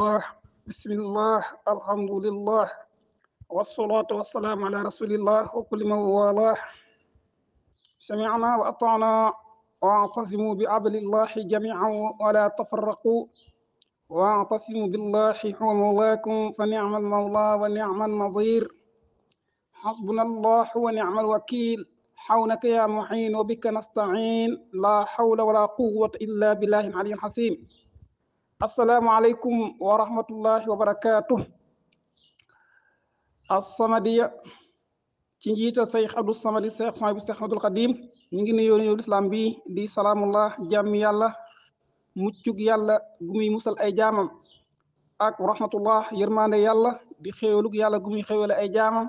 الله بسم الله الحمد لله والصلاة والسلام على رسول الله وكل من والاه سمعنا وأطعنا واعتصموا بعبد الله جميعا ولا تفرقوا واعتصموا بالله هو مولاكم فنعم المولى ونعم النظير حسبنا الله ونعم الوكيل حولك يا معين وبك نستعين لا حول ولا قوة إلا بالله العلي الحسيم asalaamualeykum wa rahmatullahi wa barakaatu assamadiya ci njiita Seex Abdu Samadi Seex fan bi Seex Ahmadul Xadim ñu ngi nuyoo nuyoo bi di salaamullah jàmm yàlla muccug yàlla gu musal ay jaamam ak rahmatullah yërmaande yàlla di xéewalug yàlla gu muy ay jaamam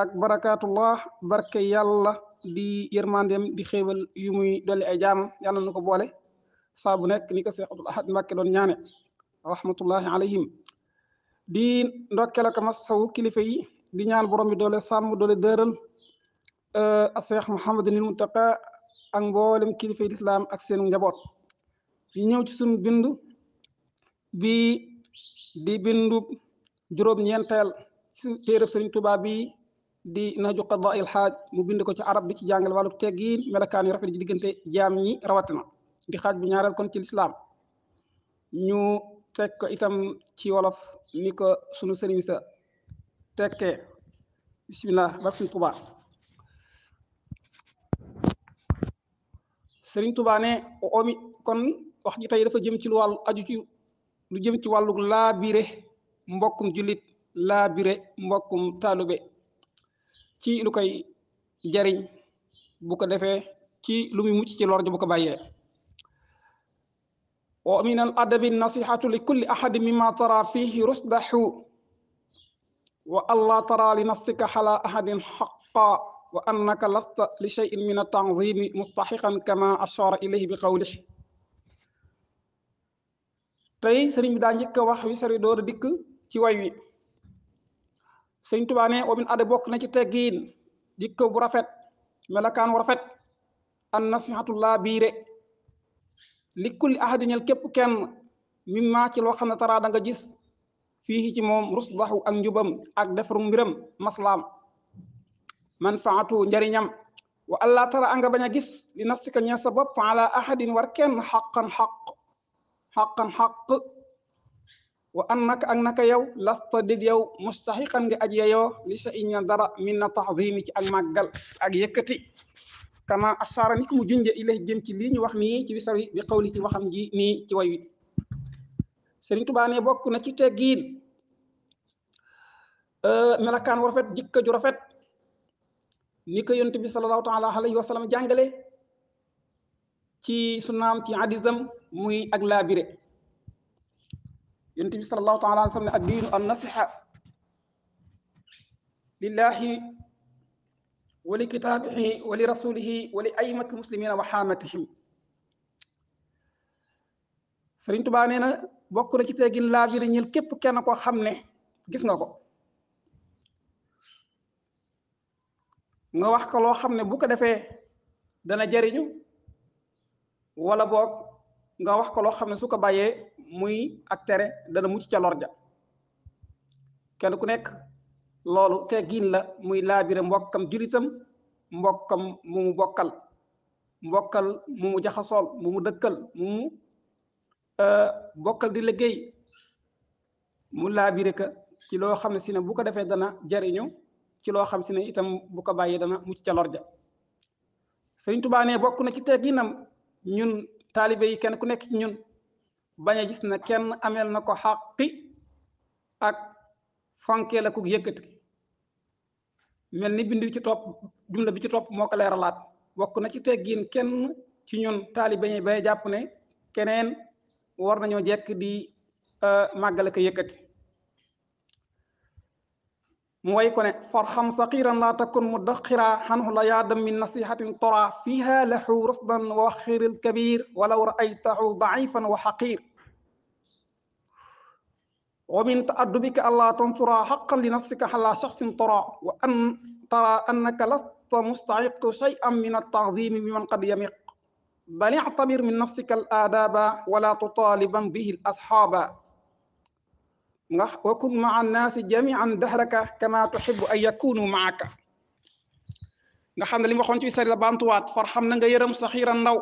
ak barakatullah barke yàlla di yërmaandeem di xéewal yu muy dolli ay jaamam yàlla na ko boole saa bu nekk ni ko Cheikh Abdoul Ahad Mbacké doon ñaane rahmatullahi alayhim di ndokkeel ak masawu kilifa yi di ñaan borom bi doole sàmm doole dëral ak Cheikh Mouhamadinil Muntaqa ak mboolem kilifa yi lislaam ak seen njaboot di ñëw ci suñu bindu bi di bindu juróom-ñeenteel ci téereb Sëriñ Tuubaa di naju qadaa il xaaj mu bind ko ci arab di ci jàngal wàllu teggiin melokaan yu rafet ji diggante jaam ñi rawatina. di xaaj bi ñaareel kon ci lislaam ñu teg ko itam ci wolof ni ko sunu sëriñ sa tekkee bisimilah bak suñ tuba sëriñ tuba ne omi kon wax ji tey dafa jëm ci lu wàllu aju ci lu jëm ci wàllu laabire mbokkum jullit laabire mbokkum taalube ci lu koy jariñ bu ko defee ci lu muy mucc ci lor ji bu ko bàyyee wa min al adabi nasihatu li kulli ahadin mimma tara fihi rusdahu wa allah tara li nafsika ala ahadin haqqan wa lasta li shay'in min at-ta'zimi kama ashara ilayhi bi qawlihi tey sëriñ bi daa njëkk a wax wi sari door dikk ci way wi sëriñ Tuubaa min adab bokk na ci teggiin jikko bu rafet melakaan wu rafet an nasihatu laa li kulli ahadin ñel képp kenn mimma ci loo xam ne taraa da nga gis fii ci moom rus rusdahu ak njubam ak defaru mbiram maslaam manfaatu njariñam wa allah tara anga bañ a gis li nafsika ñee sa bopp ala ahadin war kenn xaqan xaq wa annaka ak naka yow lasta did yow mustaxiqan nga aj yeyoo li sa iña dara min na ci ak màggal ak yëkkati kama asara ni ko mu junje ilay jëm ci lii ñu wax nii ci wisar wi bi xawli ci waxam ji nii ci way wi Sëriñ bokk na ci teggiin euh, melakaan wu rafet jikko ju rafet ni ko bi sallallahu taala alayhi wa sallam jàngale ci sunnaam ci hadisam muy ak laabire yonent bi sallallahu taala alayhi wa sallam ne an nasiha lillahi wa li kitaabihi wa li rasulihi wa li aimati muslimina wa xaamatihim Sëriñ Tubaa nee na bokk na ci teggin laa biir ñil képp kenn koo xam ne gis nga ko nga wax ko loo xam ne bu ko defee dana jariñu wala boog nga wax ko loo xam ne su ko bàyyee muy ak tere dana mucc caloor lor ja kenn ku nekk loolu giin la muy laabire mbokkam julitam mbokkam mu mu bokkal mbokkal mu mu jaxasool mu mu dëkkal mu mu euh, bokkal di liggéey mu laabire ka ci loo xam si ne bu ko defee dana jariñu ci loo xam si ne itam bu ko bàyyee dana mucc ca lor ja Sëriñ Tuubaa ne bokk na ci tegginam ñun taalibe yi kenn ku nekk ci ñun bañ gis na kenn ameel na ko xàqi ak fonke la ku yëkkati mel ni bind bi ci topp jumla bi ci topp moo ko leeralaat bokk na ci teggiin kenn ci ñun taalibe ba bay jàpp ne keneen war nañoo jekk di e, màggale ko yëkkati mu way ko ne farxam saqiran laa takun mu daxira xanhu la yaadam min nasihatin tora fiha lahu rafdan wa waxiril kabir walaw raaytahu daifan wa xaqir wa min ta'addubika allaa tantura haqqan li nafsika alaa shaxsin tura wa an tara annaka lasta mustahiq shay'an min at-ta'zimi mimman qad yamiq bal i'tabir min nafsika al-aadaaba wala tutaaliban bihi al-ashaaba nga wa kun ma'a an-naasi jami'an dahraka kama tuhibbu an yakunu ma'aka nga xam ne li mu waxoon ci sari la bantuwaat far xam na nga yërëm saxiira ndaw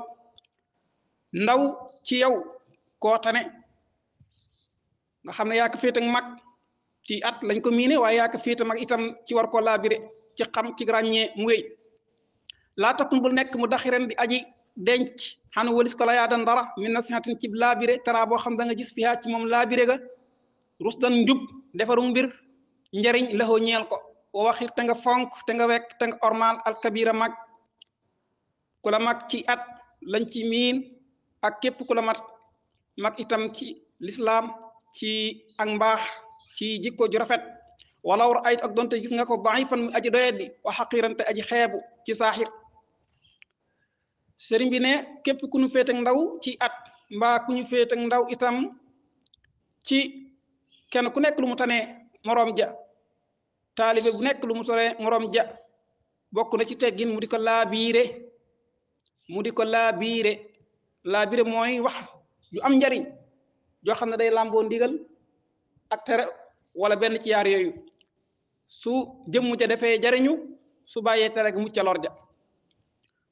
ndaw ci yow koo tane nga xam ne yaa ko féete ci at lañ ko miine waaye yaa ko féete mag itam ci war koo laabire ci xam ci ràññee mu wéy laa takun nekk mu daxiren di aji denc xanu walis ko la yaa dara min ci laabire boo xam da nga gis fiyaa ci moom laabire ga rus dan njub mbir njariñ laxoo ñeel ko wa waxit te nga fonk te nga wekk ci at lañ ci miin ak képp ku la mat itam ci lislaam ci ak mbaax ci jikko ju rafet walaw raayt ak donte gis nga ko baax daifan mu aji doyet di wa xaqirante aji xeebu ci saaxir sëriñ bi ne képp ku ñu féete ndaw ci at mbaa ku ñu féete ndaw itam ci kenn ku nekk lu mu tane moroom ja taalibe bu nekk lu mu tane moroom ja bokk na ci teggin mu di ko laabiire mu di ko laabiire laabiire mooy wax yu am njariñ joo xam na day làmboo ndigal ak tere wala benn ci yaar yooyu su jëmm ja dafay jariñu su bàyyee tere gi mucca lor ja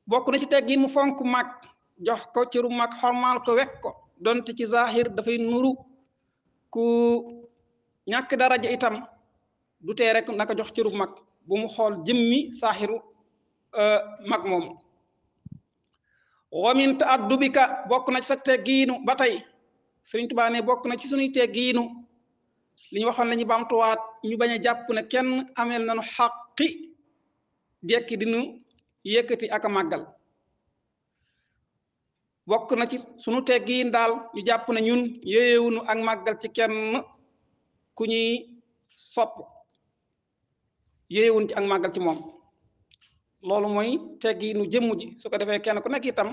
bokk na ci teggin mu fonk mag jox ko ciru mag xormaal ko wekk ci zahir dafay nuru ku ñàkk itam du tee rek naka jox ciru mag bu mu xool jëmmi saxiru euh, mag moomu wamin ta bokk na ci sa teggiinu ba tey sëriñ Tuubaa bokk na ci suñuy teggiinu li ñu waxoon la ñu bamtuwaat ñu bañ a jàpp na kenn ameel nañu xaqi dekki dinu yëkkati ak a màggal bokk na ci suñu teggiin daal ñu jàpp ne ñun yéyewunu ak màggal ci kenn ku ñuy sopp yéyewun ci ak màggal ci moom loolu mooy teggiinu jëmm ji su ko defee kenn ku nekk itam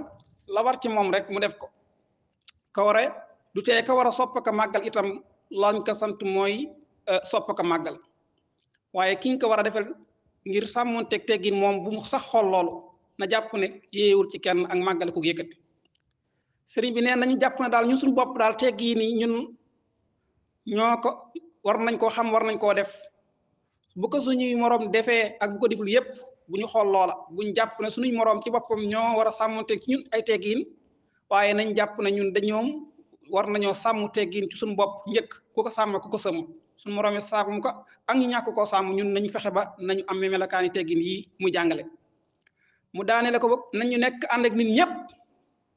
la ci moom rek mu def ko kawre du tee ka war a sopp ka màggal itam lañ ko sant mooy euh, sopp ka màggal waaye ki nga ko war a defal ngir sàmmoonteeg teggin moom bu mu sax xool loolu na jàpp ne yéewul ci kenn ak màggale ku yëkkati bi nee nañu jàpp ne daal ñun suñu bopp daal teggin yi ñun ñoo ko nañ koo xam war nañ koo def bu ko suñuy moroom defee ak bu ko deful yépp bu ñu xool loola buñ jàpp ne suñuy moroom ci boppam ñoo war a sàmmoonteeg ci ñun ay tegiin waaye nañ jàpp ne ñun dañoom war nañoo sàmm teggin ci suñu bopp njëkk ku ko sàmm ku ko sëmm suñu moroomee sàmm ko ak ñu ñàkk koo sàmm ñun nañu fexe ba nañu am melokaani teggin yii mu jàngale mu daane la ko boog nañu nekk ànd ak nit ñëpp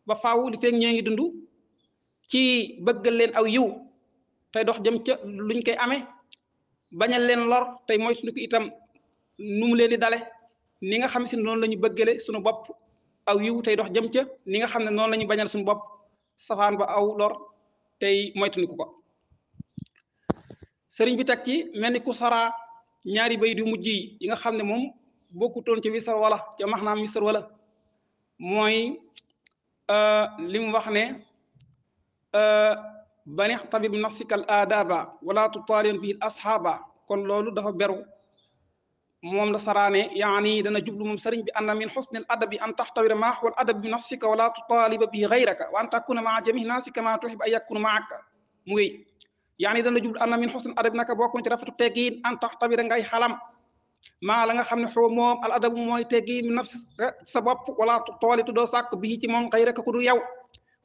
ba faaw di feeg ñee ngi dund ci bëggal leen aw yiw tey dox jëm ca luñ koy amee bañal leen lor tey mooy suñu ko itam nu mu leen di dale ni nga xam si noonu la ñu bëggale suñu bopp aw yiw tey dox jëm ca ni nga xam ne noonu lañu ñu bañal suñu bopp safaan ba aw lor tey moytandiku ko sëriñ bi teg ci mel ni ku saraa ñaari bay du mujj yi nga xam ne moom bokkutoon ca wisar wala ca max naam wisar wala mooy euh, li wax ne euh, banix tabib nafsikal aadaba wala tutaalin bihi asxaaba kon loolu dafa beru moom la saraane yaani dana jublu moom sëriñ bi anna min xusni al adabi an taxtawira maa huwa al adab bi nafsika wala tutaaliba bi gayraka wa an takuna maa jamih naasi kama tuhib an yakuna maaka dana jublu anna min xusni al adabi naka bokk na ci rafetu teggiin an taxtawira ngay xalam maa la nga xam ne xoo moom al adabu mooy teggiin min nafsika sa bopp wala tutaalitu doo sàkk bii ci moom gayraka ku dul yow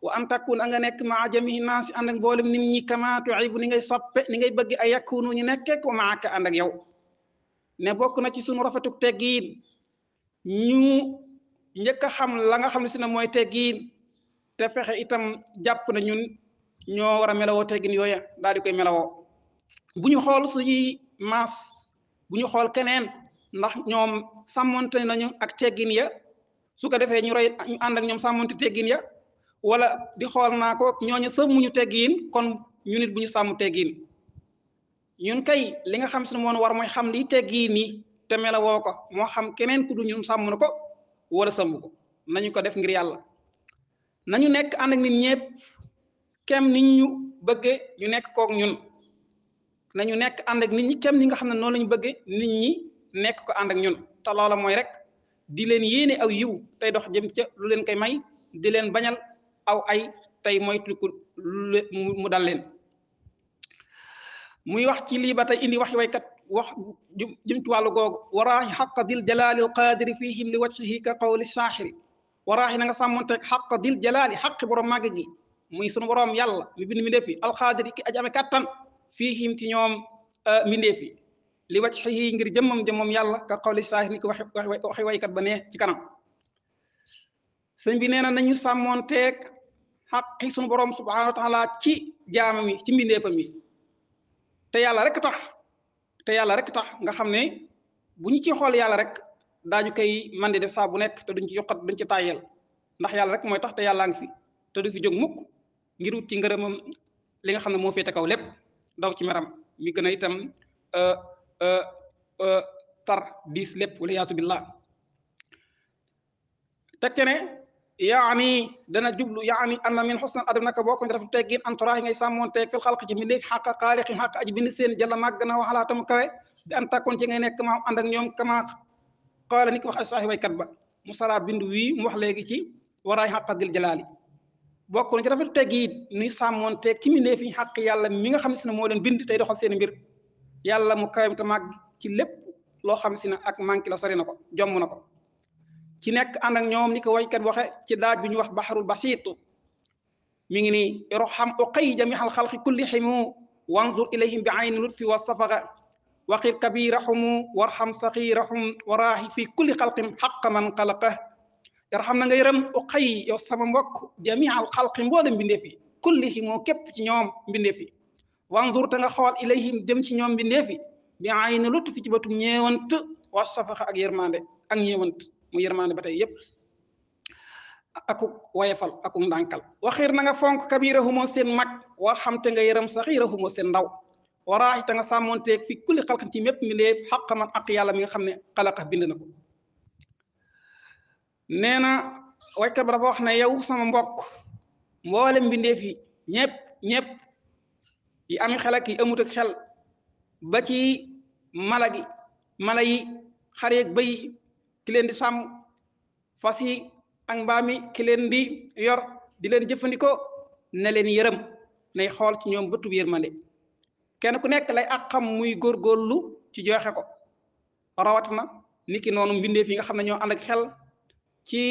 wa an takun nga nekk maa jamihi naasi ànd ak mboolem nit ñi kama tuhibu ni ngay soppe ni ngay bëgg ay yakunu ñu nekkee ko maaka ànd ak yow ne bokk na ci suñu rafetuk teggiin ñu njëkk a xam la nga xam ne si ne mooy teggiin te fexe itam jàpp na ñun ñoo war a melawoo teggiin yooya daal di koy melawoo bu ñu xool suñuy maas bu ñu xool keneen ndax ñoom sàmmonte nañu ak tegin ya su ko defee ñu roy ñu ànd ak ñoom sàmmonte teggiin ya wala di xool naa ko ñooñu sëmuñu teggiin kon ñu nit bu ñu sàmm teggiin ñun kay li nga xam si ne moon war mooy xam li teggi nii te mela ko moo xam keneen ku du ñun sàmm na ko wala sàmm ko nañu ko def ngir yàlla nañu nekk ànd ak nit ñëpp kem nit ñu bëgge ñu nekk kook ñun nañu nekk ànd ak nit ñi kem ni nga xam ne noonu lañu bëggee nit ñi nekk ko ànd ak ñun te loola mooy rek di leen yéene aw yiw tey dox jëm ca lu leen koy may di leen bañal aw ay tey moytu ko mu dal leen muy wax ci lii ba tey indi wax waykat wax jëm ci wàllu googu waraaxi xaqa dil jalaali alqaadiri fihim li wajhihi ka qawli saaxiri waraaxi na nga sàmmonteeg xaqa dil jalaali xaqi borom màgg gi muy sunu borom yàlla mi bind mi ndeefi alqaadiri ki aji ame kattan ci ñoom euh, mi ndeefi li wajhihi ngir jëmmam jëmmam yàlla ka qawli saaxiri ni ko wax waxi waykat ba nee ci kanam bi nee na nañu sàmmonteeg xaqi sunu borom subhanahu wa ci jaamam yi ci mbindeefam yi te yàlla rek tax te yàlla rek tax nga xam ne bu ñu ci xool yàlla rek daaju koy man di def saa bu nekk te duñ ci yokkat duñ ci tàyyeel ndax yàlla rek mooy tax te yàllaa ngi fi te du fi jóg mukk ngir wut ci ngërëmam li nga xam ne moo féete kaw lépp daw ci meram mi gën a itam euh, euh, euh, tar diis lépp wala yaatu billah teg ne yaani dana jublu yaani anna min xusnal adab naka boo ko def teggin an turaax ngay sàmmoon teeg fil xalq ci mbindeef xàq xaaliqi xàq aji seen jalla màgg na waxalaa tam kawe bi an takkoon ci ngay nekk maam ànd ak ko wax ay ba mu saraa bind wii wax léegi ci waraay xàq dil jalaali bokk ci rafet tegg it ni sàmmoon teeg ci mbindeef yi xaq yàlla mi nga xam si ne moo leen bind tey doxal seen mbir yàlla mu kawem te màgg ci lépp loo xam si ne ak manqué la sori na ko jomm ko ci nekk ànd ak ñoom ni ko waykat waxe ci daaj bi ñu wax baxarul basitu mi ngi nii irham uqay jamihal xalqi kulli himu wanzur ilayhim bi ayni lutfi wa safaqa waqir kabirahum warham saxirahum waraahi fi kulli xalqin xaqa man xalaqa irham na nga yërëm uqay yow sama mbokk jamihal xalqi mboolem mbindeef yi kulli himu képp ci ñoom mbindeef yi wanzur te nga xool ilayhim dem ci ñoom mbindeef yi bi ayni lutfi ci batum ñeewant wa safaqa ak yërmande ak ñeewant mu yërmaande ba tey yépp akuk woyefal akuk ndànkal waxiir na nga fonk kabirahumoo seen mag warxam te nga yërëm saxiirahumoo seen ndaw waraaxi te nga sàmmoonteeg fi kulli xalkan ci mépp mi léef xaq man ak yàlla mi nga xam ne xalaqa bind na ko nee na waykat ba dafa wax ne yow sama mbok mboolem mbindeef yi ñëpp ñëpp yi am xel ak yi amut xel ba ci mala gi mala yi xar yeeg bëy ki leen di sàmm fas yi ak mbaam yi ki leen yor di leen jëfandikoo ne leen yërëm nay xool ci ñoom bëtub yërmande kenn ku nekk lay ak xam muy góorgóorlu ci joxe ko rawat na nit ki noonu mbindeef yi nga xam ne ñoo ànd ak xel ci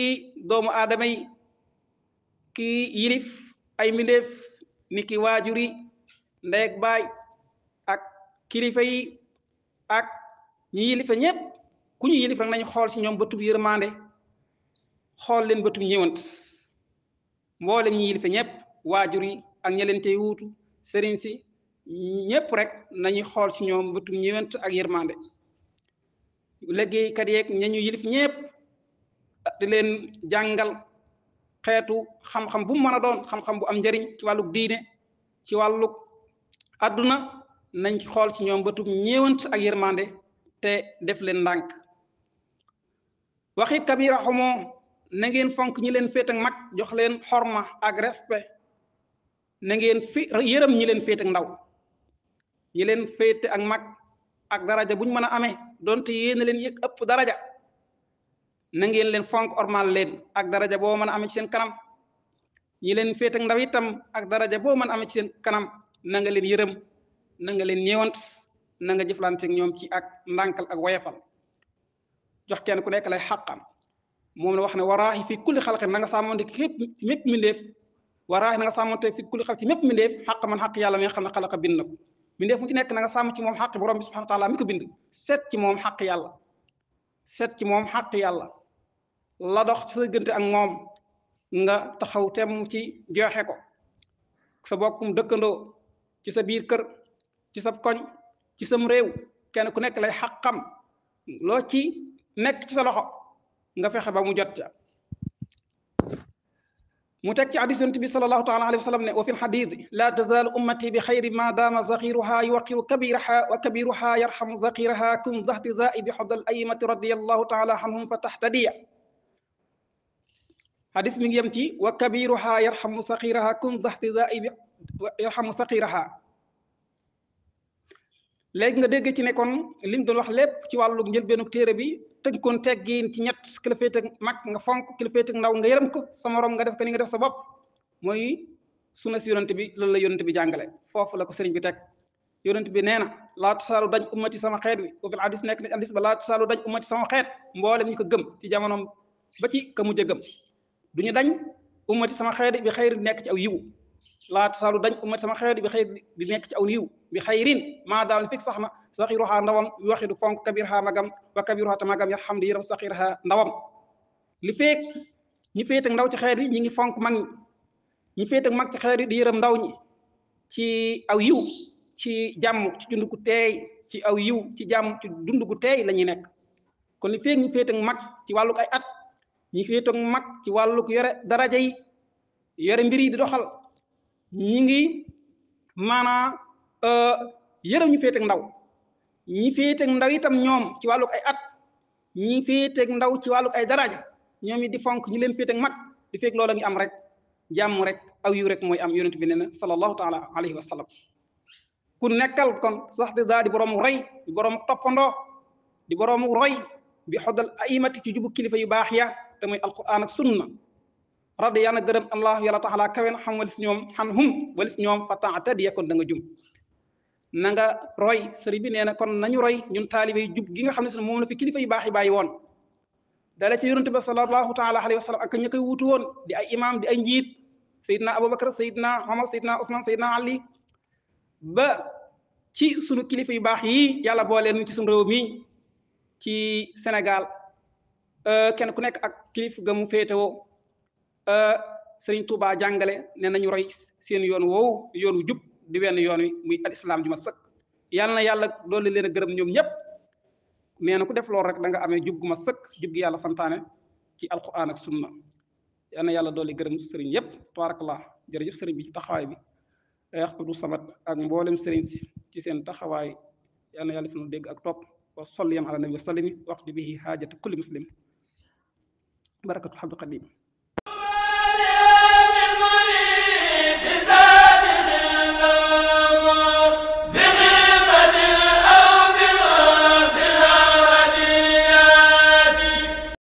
doomu aadama yi ki yilif ay mbindeef ni ki waajur yi ndey ak baay ak kilifa yi ak ñi yilifa ñépp ku ñu yilif rek nañu xool ci ñoom bëtub yërmande xool leen bëtub ñëwant mboolem ñi yilife ñëpp waajur yi ak ña leen tey wuutu sëriñ si ñëpp rek nañu xool ci ñoom bëtub ñëwant ak yërmande liggéeykat yeeg ña ñu yilif ñëpp di leen jàngal xeetu xam-xam bu mën a doon xam-xam bu am njariñ ci wàlluk diine ci wàlluk àdduna nañ xool ci ñoom bëtub ñëwant ak yërmande te def leen ndànk waxi kabira xumoo na ngeen fonk ñi leen féet mag jox leen xorma ak respect na ngeen fi yërëm ñi leen féet ndaw ñi leen féete ak mag ak daraja buñ mën a amee donte yéen leen yëg ëpp daraja na ngeen leen fonk ormal leen ak daraja boo mën a amee ci seen kanam ñi leen féet ndaw itam ak daraja boo mën a amee ci seen kanam na leen yërëm na leen ñeewant na nga jëflante ak ñoom ci ak ndànkal ak woyafal jox kenn ku nekk lay xàqam moom la wax ne waraaxi fi kulli xalqin na nga sàmmonte képp mépp mindeef waraaxi na nga sàmmonte fi kulli xalqin mépp mindeef xàq man xàq yàlla mi nga xam ne xalaqa bind na ko mindeef mu ci nekk na nga sàmm ci moom xàq borom taala mi ko bind seet ci moom xàq yàlla set ci moom xàq yàlla la dox sa diggante ak moom nga taxaw tem ci joxe ko sa bokkum dëkkandoo ci sa biir kër ci sa koñ ci sam réew kenn ku nekk lay xàqam loo ci nekk ci sa loxo nga fexe ba mu jot ca mu teg ci hadis yonent bi sallallahu taala alayhi wa sallam ne wa fi lxadis laa tazaalu ummati bi xayri ma daama zaxiruha yuwaqiru kabiraha wa kabiruha yarxamu zaxiraha kun zahti zaibi xobdal ayimati radiallahu taala anhum fa taxtadiya hadis mi ngi ci wa kabiruha yarxamu saxiraha kun zahti zaibi yarxamu saxiraha léegi nga dégg ci ne kon lim doon wax lépp ci wàllu njëlbeenu téere bi tënkoon teggiin ci ñett ki la féete mag nga fonk ki la ndaw nga yërëm ko sa morom nga def ko ni nga def sa bopp mooy suna si yonent bi loolu la yonent bi jàngale foofu la ko sëriñ bi teg yonent bi nee na laa tasaalu dañ ummati sama xeet wi foofu nekk na hadis ba laa tasaalu dañ ummati sama xeet mboolem ñi ko gëm ci jamonoom ba ci ka mujj gëm du ñu dañ ummati sama xeet bi xayri nekk ci aw yiwu laat tasaalu dañ ummat sama xeet bi xëy di nekk ci aw yiw bi xayrin maa daal fik sax na saxiruhaa ndawam yu waxidu fonk kabirhaa magam wa kabiruhaa tamagam yar xam di yëram saxirhaa ndawam li feek ñi féet ndaw ci xeet yi ñi ngi fonk mag ñi ñi mag ci xeet ndaw ñi ci aw yiw ci jàmm ci dund ci aw yiw ci jàmm dund gu teey la ñuy nekk kon li ci wàlluk ay at ñi féet ak mag ci wàlluk yore daraja yi yore mbir yi di doxal ñi ngi maanaam euh, yërëm ñu féeteeg ndaw ñi féeteeg ndaw itam ñoom ci wàllug ay at ñi féeteeg ndaw ci wàllug ay daraja ñoom it di fonk ñi leen féeteeg mag di fekk loola ngi am rek jàmm rek aw yu rek mooy am yonent bi nee na sallallahu taala alayhi wa sallam ku nekkal kon sax di daa di boroomu roy di boroomu toppandoo di boroomu roy bi xoddal aimati ci jubu kilifa yu baax ya te muy alquran ak sunna radi yàlla na gërëm allah yàlla taxalaa kawe na xam walis ñoom xam hum walis ñoom fa taata a yekkoon da nga jum na nga roy sëriñ bi nee na kon nañu roy ñun taalibe yi jub gi nga xam ne si moom la fi kilifa yu baax yi bàyyi woon dala ci yonente bi sallallahu taala alayhi wa sallam ak ña wutu woon di ay imam di ay njiit sayidna aboubacar sayidna omar sayidna ousmane sayidna ali ba ci sunu kilifa yu baax yi yàlla boole nu ci sunu réew mi ci sénégal kenn ku nekk ak kilifa mu féetewoo Eh, sëriñ Touba jàngale ne nañu roy seen yoon woowu yoon wu jub di wenn yoon wi muy al ju ma sëkk yàlla na yàlla doole leen a gërëm ñoom ñëpp nee na ku def loolu rek da nga amee jub gu ma sëkk jub gi yàlla santaane ci alquran ak sunna yàlla na yàlla doole gërëm sëriñ yëpp tabaarakallah jërëjëf sëriñ bi ci taxawaay bi Abdou Samad ak mboolem sëriñ si ci seen taxawaay yàlla na yàlla fi nu dégg ak topp wa salli yam ala nabi wax sallimi waqti bihi haajati kulli muslim